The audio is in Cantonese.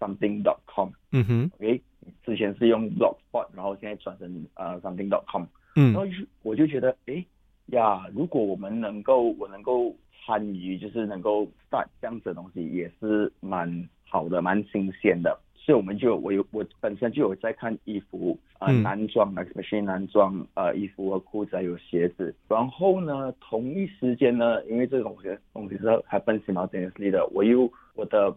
Something.com，嗯哼，OK，之前是用 Blogspot，然後現在轉成呃、uh, Something.com，嗯，然後我就覺得，誒、哎、呀，如果我們能夠，我能夠參與，就是能夠 start，這樣子的東西也是蠻好的，蠻新鮮的。所以我們就，我有我本身就有在看衣服啊、呃嗯，男裝啊，特別是男裝啊、呃、衣服和褲子，和鞋子還有鞋子。然後呢，同一時間呢，因為這個我其實，我其實都還分析到啲嘢的我又我的。